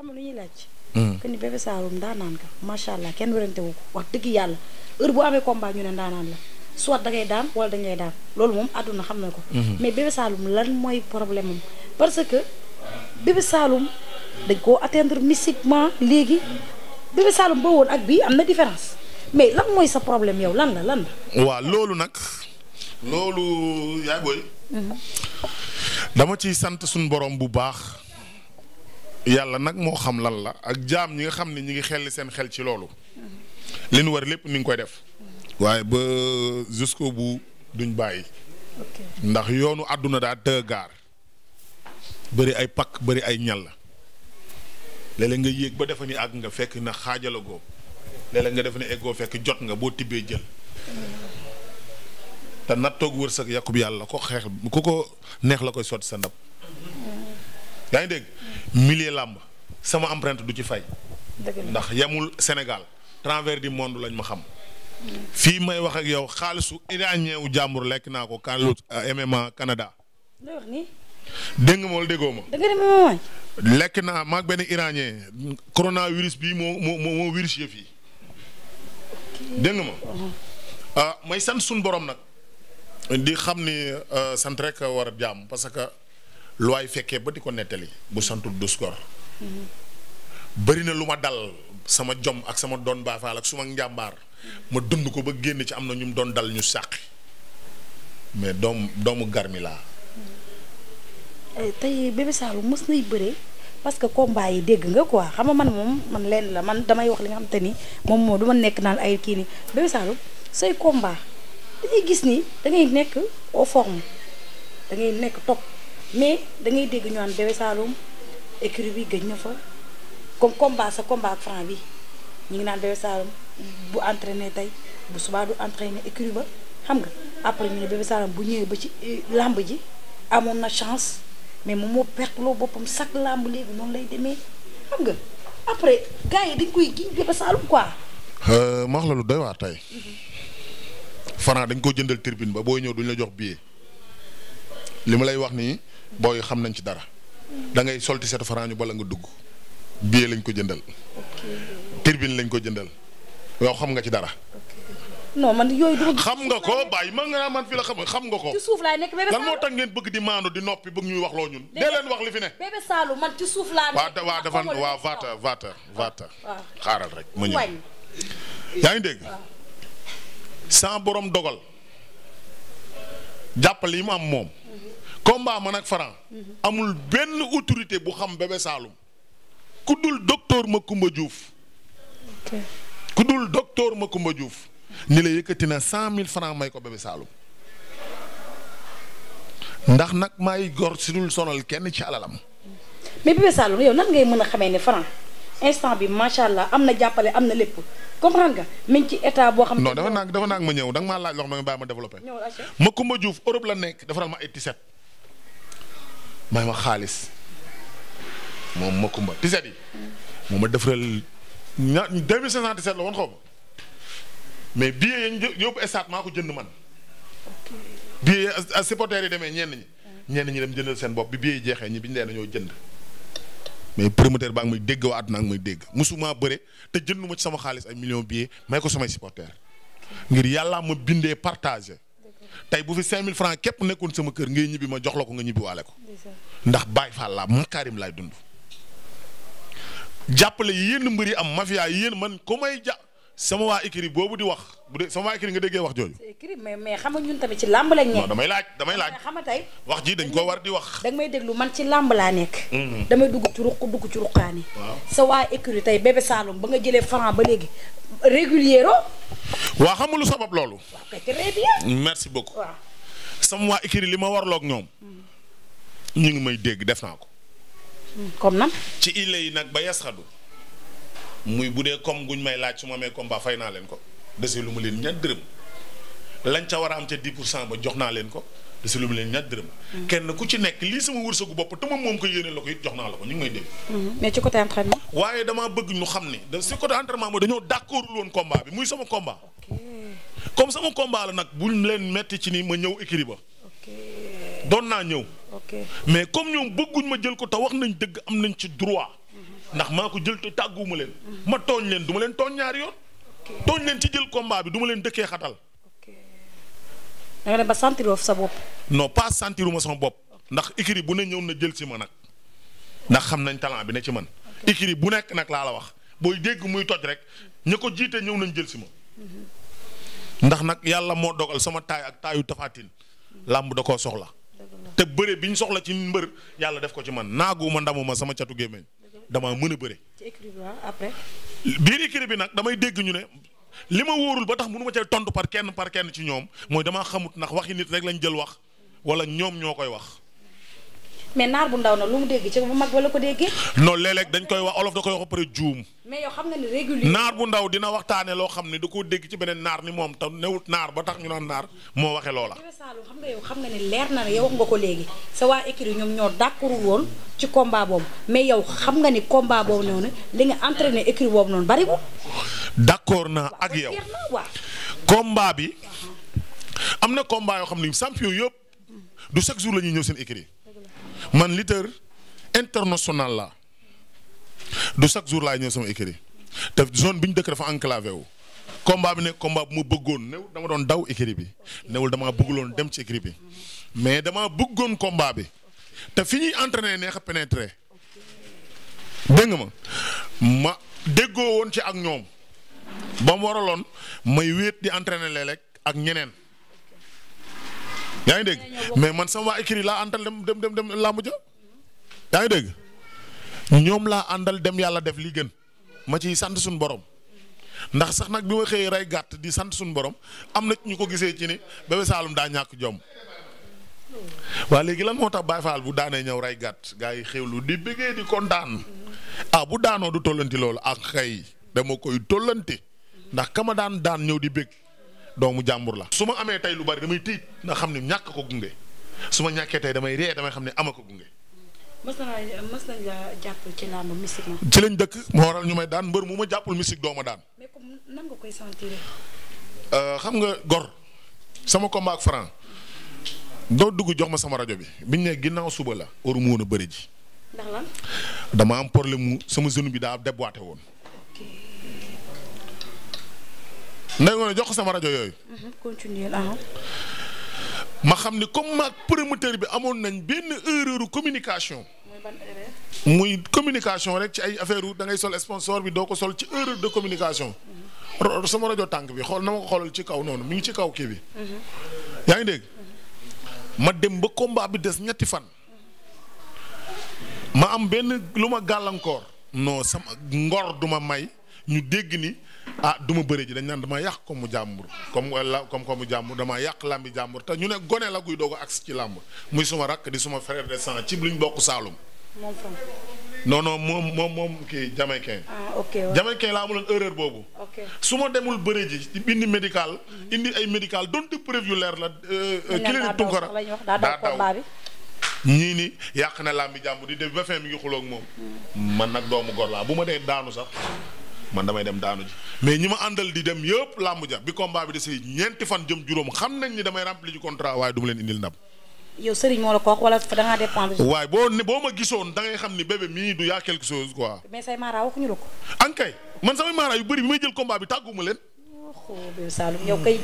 xam nga lu ñuy laaj. Hmm. que ni Bébé Saloum ndaanaan ka macha allah kenn werante wu ko wax dëgg yàlla heure bu amee combat ñu ne ndaanaan la soit da ngay daan wala da daan loolu moom àdduna xam na ko. Hmm. mais Bébé Saloum lan mooy problème parce que Bébé Saloum dañ koo atteindre mystiquement léegi Bébé Saloum ba woon ak bi am na différence mais lan mooy sa problème yow lan la lan la. waaw loolu nag. loolu yaay booy. Hmm. dama ciy sant suñu boroom bu baax. yàlla nag moo xam lan la ak jaam ñi nga xam ne ñi ngi xelli seen xel ci loolu li nu war lépp ni ngi koy def waaye ba jusqu'au bu duñ bàyyi ndax yoonu àdduna daa deux gaar bëri ay pakk bari ay ñal la léeg nga yéeg ba defa ni àgg nga fekk na xaajalagoo léeg-léeg nga defa ni eggoo fekk jot nga boo tibbee jël mm. te nattoog yàqu bi yàlla ko xeex ku ko neex la koy sot sa ndab yaa ngi dégg millier làmb sama empreinte du ci fay. ndax yamul Sénégal travers du monde lañ ma xam. fii may wax ak yow xaalisu iranien jàmbur lekk naa ko kàllu euh, MMA Canada. dégg ma wala déggoo ma. lekk naa maag benn iranien coronavirus bii moo moo moo virus yi dégg nga ma. Uh-huh. Euh, may sant suñu borom nag. di xam ni euh, sant rek war a jaam lu waay fekkee ba di ko nettali bu santu dus gor bëri na lu ma dal sama jom ak sama doon baafaal ak suma njàmbaar ma dund ko ba génn ci am na ñu doon dal ñu sàqi mais doom doomu garmi laa eh, tey Bébé Saloum mës nay bëre parce que combat yi dégg nga quoi xam nga man moom man leen la man damay wax li nga xam te ni moom moo du nekk naan ay kii ni Bébé Saloum say dañuy gis ni da nekk au forme da ngay nekk topp mais dangay dégg ñu naan Bébé Saloum écurie bi gëj na fa comme combat sa combat ak franc bi ñu ngi naan Bébé Saloum bu entraîné tey bu subaa du entraîné écurie ba xam nga après ñu ne Bébé bu ñëwee ba ci euh, làmb ji amoon na chance mais moom moo boppam chaque làmb léegi noonu lay demee xam nga yi dañ koy giñ Bébé Saloum quoi. Euh, ma wax la lu doy waar tey. Mhm. Franc dañ ko jëndal tribune ba booy ñëw duñ la jox billet li ma lay wax nii. booy xam nañ ci dara dangay ngay solti seetu faraañu bala nga dugg billet lañ ko jëndal. tribune lañ ko jëndal yow xam nga ci dara. xam nga ko bàyyi ma nga man fi la xam nga ko. ci suuf lan moo tax ngeen bëgg di maandu di noppi bëgg ñuy wax loo ñun. dee leen wax li fi ne. bébé Saalum man ci suuf laa nekk. Ah, waaw xaaral rek ma yaa ngi dégg. Ah. sans borom dogal jàpp li mu am moom. Mhm. combat man ak Franc amul benn autorité bu xam Bébé saalum ku dul docteur Macoumba Diouf ku dul docteur Macoumba Diouf ni la yëkkati na cent mille francs may ko Bébé Saloum ndax nag may gor si dul sonal kenn ci alalam mais Bébé Saloum yow nan ngay mën a xamee ne Franc instant bi macha allah am na jàppale am na lépp comprendre nga même ci état boo xam. non dafa naag dafa naag ma ñëw danga maa laaj loo xam ma développé. ñëw Europe la nekk defaral ma ay tiset may ma xaalis moom ma kumba tiset yi moom ma defaral ña 2577 la woon xaw ma mais billet yi ñu yóbbu stade maa ko jënd man billet yi supporters yi demee ñeen ñi ñeen ñi dem jëndal seen bopp bi billet yi jeexee ñi bi ñu dee dañoo jënd mais promoteur baa ngi muy dégg waa at naa ngi muy dégg musuma bëre te jënduma ci sama xaalis ay million billet may ko samay supporters ngir yàlla ma bindee partagé tey bu fi 5000 francs képp nekkoon sama kër ngay ñibbi ma jox la ko nga ñibbi waale ko. ndax Baye Fall laa makaarim laay dund. jàppale yéen mbër yi am mafia yéen man ku may ja sama waa écurie boobu di wax bu dee sama waa écurie nga déggee wax jooju. mais mais xam nga ñun tamit ci làmb lañ nekk. damay laaj damay laaj xam nga tey. wax ji dañ ko war di wax. da may déglu man ci làmb laa nekk. Mm-hmm. damay dugg ci ruq dugg ci ruqaani. sa waa écurie bébé Saloum ba nga jëlee franc ba léegi régulier oh? waa xam nga lu sabab loolu. merci beaucoup. sama waa écrit li ma warloog ñoom. ñu ngi may dégg def naa ko. Hmm, comme nan. ci ille yi nag ba yasxadu muy bu dee comme guñ may laaj su ma amee combat fay naa leen ko dese lu ma leen ñan dërëm lañ ca war a am ca pour cent ba jox naa leen ko. de si lu mu leen ñaat dërëm. kenn ku ci nekk lii sama wërsëgu bopp te moom ko yéene la ko it jox naa la ko ñu ngi may dégg. Mhm. damaa bëgg ñu xam ne da si côté entraînement mooy dañoo d' woon combat bi muy sama combat. comme sama combat la nag buñ leen metti ci ni ma ñëw écrit ba. doon naa ñëw. mais comme ñoom bëgguñ ma jël ko te wax nañ dëgg am nañ ci droit. Mhm. ndax maa ko jël te tàgguwuma leen. Mhm. ma tooñ leen du ma leen tooñ ñaari yoon. tooñ leen ci jël combat bi duma leen dëkkee xatal da nga sa bopp. non pas sentiruma sama bopp ndax écurie bu ne ñëw na jël ci ma nag ndax xam nañ talent bi ne ci man écurie bu nekk nag laa la wax booy dégg muy toj rek ñu ko jiite ñëw nañ jël si ma. Mhm. ndax nag yàlla moo dogal sama taay ak taayu tafaatin làmb da koo soxla. te bëre bi ñu soxla ci mbër yàlla def ko ci man naaguma ndamuma sama catu gémmiñ damaa mën bëre. Ah, biir écurie bi nag damay dégg ñu ne li ma wóorul ba tax mënu ma cay tontu par kenn par kenn ci ñoom mooy damaa xamut ndax waxi nit rek lañ jël wax wala ñoom ñoo koy wax mais naar bu ndaw na lu mu dégg ci bu mag wala ko déggee. non léeg-léeg dañ koy wax olof da koy wax a pare juum. mais yow naar bu ndaw dina waxtaane loo xam ne da koo dégg ci beneen naar ni moom tam newut naar ba tax ñu naan naar moo waxee loola. Saalum xam nga xam na ne nga ko léegi sa waa écurie ñoom ñoo dàkkuwul woon ci combat boobu mais yow xam nga ni combat boobu noonu li nga entraîné écurie boobu noonu bariwul. d'accord naa ak yow combat bi am na combat yoo xam ni champion yëpp du chaque jour la ñuy ñëw seen écurie man leader international la du chaque jour laay ñëw sama écurie te zone bi ñu dëkk dafa enclavé wu. combat bi nekk combat bu ma bëggoon néew dama doon daw écurie bi néewul damaa bëgguloon dem ci écurie bi mais damaa bëggoon combat bi te fi ñuy entraîné neex a pénétré dégg ma ma déggoo woon ci ak ñoom ba mu waraloon may wéet di entraîné léeg-léeg ak ñeneen. yaa ngi dégg mais man sama waa écrit laa àndal dem dem dem làmb ja yaa ngi dégg ñoom laa àndal dem yàlla def li gën ma ci sant suñu borom ndax sax nag bi ma xëyee rey gàtt di sant suñu borom am na ñu ko gisee ci ni Bébé saalum daa ñàkk jom waa léegi lan moo tax Baye Fall bu daanee ñëw rey gàtt gaa yi xewlu di bëggee di kontaan ah bu daanoo du tollanti loolu ak ah, xëy dama koy tollanti ndax kama daan daan ñëw di bëgg. doomu jàmbur la su ma amee tey lu bari damay tiit na xam ne ñàkk ko gunge su ma ñàkkee tey damay ree damay xam ne ama ko gunge. mës ci làmb lañ dëkk moo waral ñu may daan mbër mu ma jàppul mystique doo ma daan. Euh, xam nga gor sama combat ak franc doo dugg jox ma sama rajo bi biñ ne ginnaaw suba la waru mu woon a bëri ji. dama am problème mu sama zone bi daa déboîté woon. nday ngoone jox sama rajo yooyu. Mhm, ma xam ni comme maag promoteur bi amoon nañ benn erreur communication. muy communication rek ci ay affaire da ngay sol sponsor bi doo ko sol ci erreur de communication. sama rajo tànk bi xool na ma ko xoolal ci kaw noonu mu ngi ci kaw kii bi. Mhm. yaa ngi dégg. ma dem ba combat bi des ñetti fan. ma am benn lu ma gàllankoor. non sama ngor ma may ñu dégg ni. ah du ma bëre ji dañ naan dama yàq comme mu jàmbur comme la comme comme mu jàmbur dama yàq làmbi jàmbur te ñu ne gone la guy doog a agsi ci làmb muy suma rakk di suma frère de sang ci luñ bokk Saalum. moom fan. non non moom moom moom kii jamaïcain. ah ok waaw jamaïcain laa amuloon erreur boobu. ok su ma demul bëre ji indi médical. Mhm. indi ay médical donte preuve yu leer la. ki euh, leen di tunkara daa daw ñii ni yàq na làmbi jàmbur di def ba fin mi ngi xuloo ak moom. Mhm. man nag doomu gor laa bu ma dee daanu sax man damay dem daanu ji. mais ñi ma àndal di dem yëpp làmb ja bi combat bi desee ñeenti fan jëm juróom xam nañ ni damay rempli ji contrat waaye du ma leen indil ndam. yow waaye boo ne boo ma gisoon da xam ni bébé mii du yaa quelque chose quoi. mais say maara waxuñu la ko. ankay man samay maara yu bëri bi may jël kombaa bi tàgguma leen. xoolal Saloum yow kay.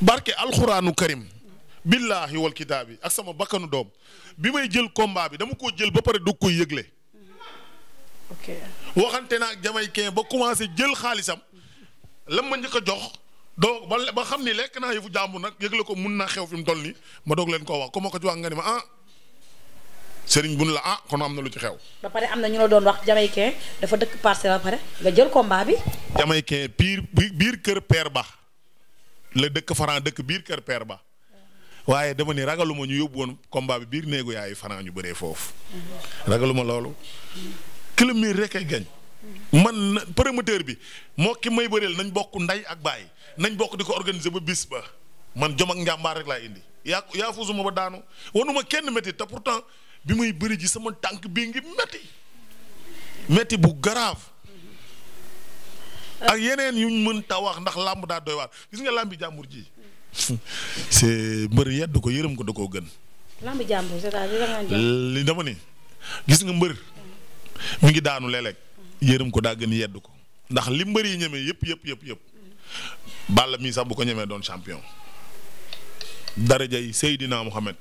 barke alxuraanu karim. billaahi wal kitaabi ak sama bakkanu doom bi may jël combat bi dama koo jël ba pare du koy yëgle. waxante naa jamay jamaïcain ba commencé jël xaalisam lam ma njëkk a jox doo ba xam ni lekk naa yëfu jàmbu nag yëgle ko mun naa xew fi mu toll nii ma doog leen koo wax comme ma ko ci wax nga ni ma ah sëriñ bun la ah kon am na lu ci xew. ba pare am na ñu la doon wax jamaïcain dafa dëkk parcelle ba pare nga jël combat bi. jamaïcain biir biir kër Père Ba la dëkk Faran dëkk biir kër Père Ba. waaye dama ni ragaluma ñu yóbbu woon combat bi biir néegu yaayu Faran ñu bëree foofu. Mhm. ragaluma loolu. kilomir rek ay gañ man promoteur bi moo ki may bëreel nañ bokk nday ak baay nañ bokk di ko organise ba bis ba man jom ak njàmbaar rek laa indi yaa yaa fuusuma ba daanu wanuma kenn métti te pourtant bi muy bëri ji sama tànk bii ngi métti métti bu grave ak yeneen yuñ mën ta wax ndax làmb daa doy waar gis nga làmbi jàmbur ji c'est mbër yedd ko yërëm ko da koo gën. li dama ni gis nga mbër. mu ngi daanu léeg-léeg ko daa gën yedd ko ndax li mbër yi ñemee yëpp yëpp yëpp yëpp Balla mii sax bu ko ñemee doon champion darajay Seydina Mohamed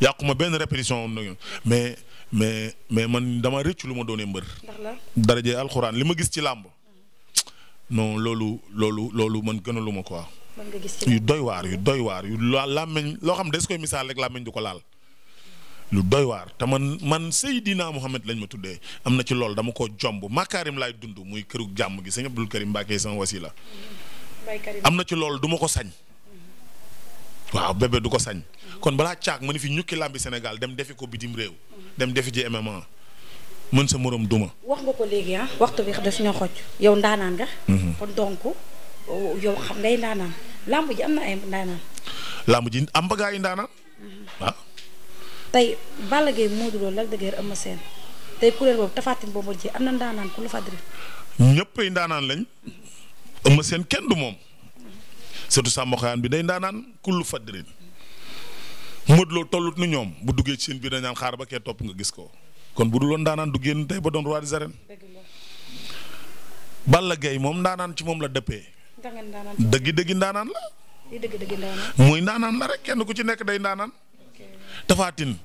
yàquma benn répétition woon mais mais mais man dama rëccu lu ma doonee mbër darajay alxuraan li ma gis ci làmb non loolu loolu loolu man gënaluma quoi yu doy waar yu doy waar yu làmmeñ loo xam des koy misaal rek làmmeñ du ko laal lu doy waar te man man Seydina Mohamed lañ ma tuddee am na ci lool dama ko jomb makaarim laay dund muy këru jàmm gi sëñ Abdul Karim Mbàkke sama wasila am na ci lool duma ko sañ waaw bébé du ko sañ kon balaa caag ma ni fi ñukki làmbi Sénégal dem defi ko bitim réew dem defi ji MMA mën sa morom duma wax nga ko léegi ah waxtu bi daf ñoo xoj yow ndaanaan nga mhm. kon donc yow xam ngay ndaanaan làmb ji am na ay ndaanaan làmb ji am ba gaa yi tey Balla Gaye Modou Lo Lac de lañ Eumeu Sène kenn du moom surtout sàmmoxaan bi day ndaanaan ku fa diri nu ñoom bu duggee ci seen biir dañu ba kee topp nga gis ko kon bu dul woon ndaanaan du génn tey ba doon roi des moom ndaanaan ci moom la dëppee. dëgg dëgg ndaanaan la. dëgg ndaanaan la rek kenn ku ci nekk day ndaanaan. tafaatin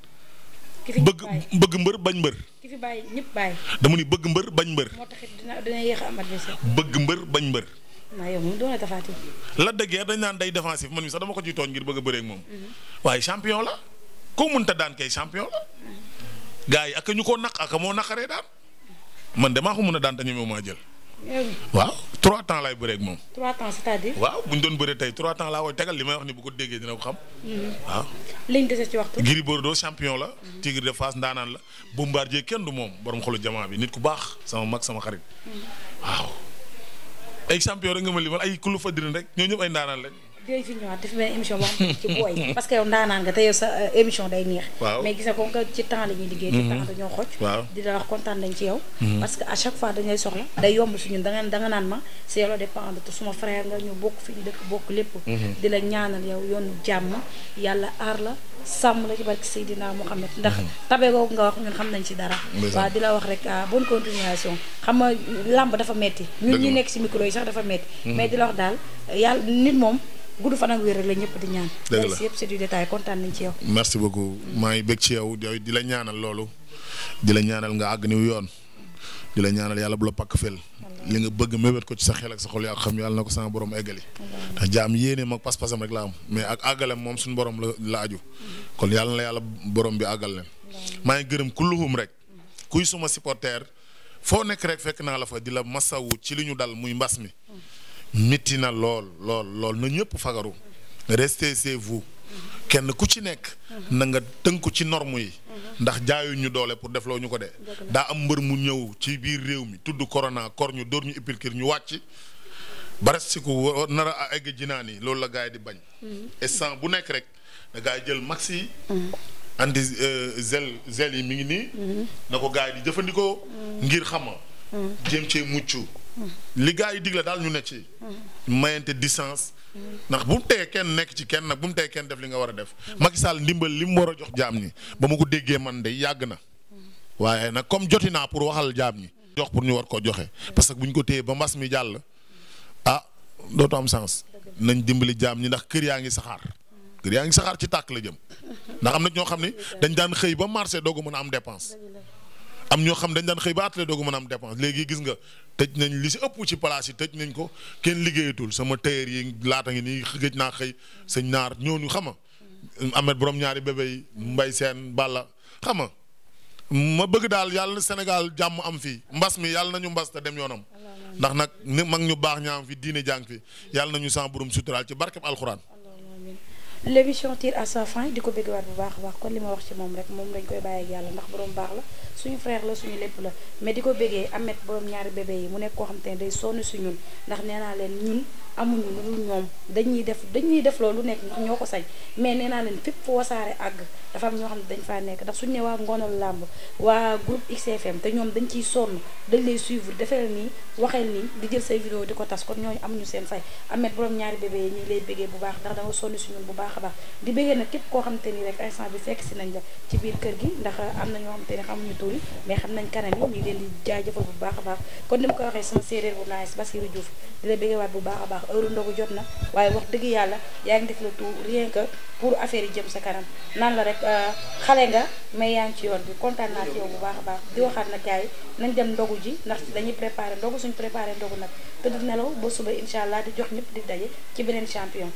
bëgg bëgg mbër bañ mbër. ki dama ni bëgg mbër bañ mbër. bëgg mbër bañ mbër. la de dañ naan day défensif man mi sax dama ko ciy tooñ ngir bëgg a moom. Mhm. waaye champion la ko mënta daan kay champion la. Mhm. gars yi ak ñu koo naq ak moo naqaree daan man damaa ko mën a daan te ñemewumaa jël. waaw trois temps laay bëree ak moom. trois temps cest waaw bu doon bëree tey trois temps laa koy tegal li may wax ni bu ko déggee dina ko xam. Mm-hmm. waaw. liñ dese ci Bordeaux champion la. Tigre de Fass ndaanaan la. Bombardier kenn du moom borom xolu jamaa bi nit ku baax sama mag sama xarit. Mm-hmm. waaw ay champion rek nga ma limal ay kulu fadirin rek ñoo ñëpp ay ndaanaan lañ. dinañ fi ñëwaat def benn émission boo xam ci euh, la mm-hmm. di la wax kontaan nañ ci yow. Mm-hmm. parce que à chaque fois dañ lay da nga da nga naan ma si yow la dépendre te suma frère nga ñu bokk fi ñu dëkk mm-hmm. ñaanal yow yoonu jàmm yàlla aar la. sàmm la ci barke Seydina Mouhamed ndax tabe googu nga wax ñun xam nañ ci dara waaw di la wax rek ah, bonne continuation xam nga dafa metti ñun ñi nekk ci micro yi sax dafa metti mais di la wax daal yàlla nit moom gudd fan ak wér la ñëpp di ñaan. merci beaucoup maa ngi bég ci yow di la ñaanal loolu di la ñaanal nga àgg niw yoon di la ñaanal yàlla bu la pakk fel li nga bëgg mébét ko ci sa xel ak sa xol yaa xam yàlla na ko sama borom eggali ndax jaam yéene mag pas-pasam rek la am mais ak àggalem moom suñu borom la la aju mm-hmm. kon yàlla na yàlla borom bi àggal leen maa ngi gërëm kulluhum rek mm-hmm. kuy suma supporter foo nekk rek fekk naa la fa di la masawu ci li ñu dal muy mbas mi mm-hmm. métti na lool lool lool na ñëpp fagaru restez chez kenn ku ci nekk na nga tënku ci norme yi ndax jaayuñu doole pour def loo ñu ko dee daa am mbër mu ñëw ci biir réew mi tudd corona kor ñu dóor ñu ipilkir ñu wàcc barestiku nar a egg jinaan yi loolu la gars yi di bañ instant mm-hmm. bu nekk rek da jël max yi anti zel zel yi mi ngi nii mm-hmm. na ko gars yi di jëfandikoo mm-hmm. ngir xama jéem ci mucc li gars yi digle daal ñu ne ci. mayante distance. ndax bu mu tee kenn nekk ci kenn nag bu mu tee kenn def li nga war a def. Macky Sall ndimbal li mu war a jox jaam ñi ba ma ko déggee man de yàgg na. waaye nag comme joti naa pour waxal jaam ñi. jox pour ñu war koo joxe parce que bu ko téyee ba mbas mi jàll. ah dootu am sens. nañ dimbali jaam ñi ndax kër yaa ngi saxaar. yaa ngi saxaar ci tàkk la jëm. ndax am na ñoo xam ne dañ daan xëy ba marché doog a mën a am dépense. am ñoo xam dañ daan xëy ba atelier doog mën a am dépense léegi gis nga tëj nañ li si ëpp ci place yi tëj nañ ko kenn liggéeyatul sama tailleur yi laata ngi nii géej naa xëy sëñ naar ñooñu xama amet boroom ñaari bébé yi mbay seen balla xama ma bëgg daal yàlla na Sénégal jàmm am fii mbas mi yàlla ñu mbas te dem yoonam ndax nag mag ñu baax ñaam fi diine jàng fi yàlla nañu sama borom suturaal ci barkeb alxuraan l'émission tire à di ko bëgg waat bu baax a baax moom rek moom dañ koy bàyyi ak yàlla ndax lépp la mais di ko bëggee amet borom ñaari bébé yi mu nekk koo xam te ne day sonn si ñun ndax nee naa leen ñun amuñu lu dul ñoom dañuy def dañuy def loolu nekk ndax ñoo ko sañ mais nee naa leen fépp fu wasaare àgg dafa am ñoo xam ne dañ faa nekk ndax suñu ne waa ngonal làmb waa groupe XFM te ñoom dañ ciy sonn dañ lay suivre defeel nii waxeel nii di jël say vidéo di ko tas kon ñooñu ñu seen fay amet borom ñaari bébé ñu lay bëggee bu baax ndax da nga sonn si ñun bu baax baax a baax di bëggee nag képp koo xamante ni rek instant bi fekk si nañ la ci biir kër gi ndax am na ñoo xamante ni xamuñu tur mais xam nañ kanam yi ñu leen di jaajëfal bu baax a baax kon ni ko waxee sama séeréer bu la a baax heure yi jëm sa kanam naan la rek euh, xale nga mais yaa ngi ci yoon bi kontaan naa ci yow bu baax a baax di waxaat nag gars yi nañ dem ndogu ji ndax dañuy préparé ndogu suñ préparé ndogu nag tëdd nelaw ba suba incha allah di jox ñëpp di daje ci beneen champion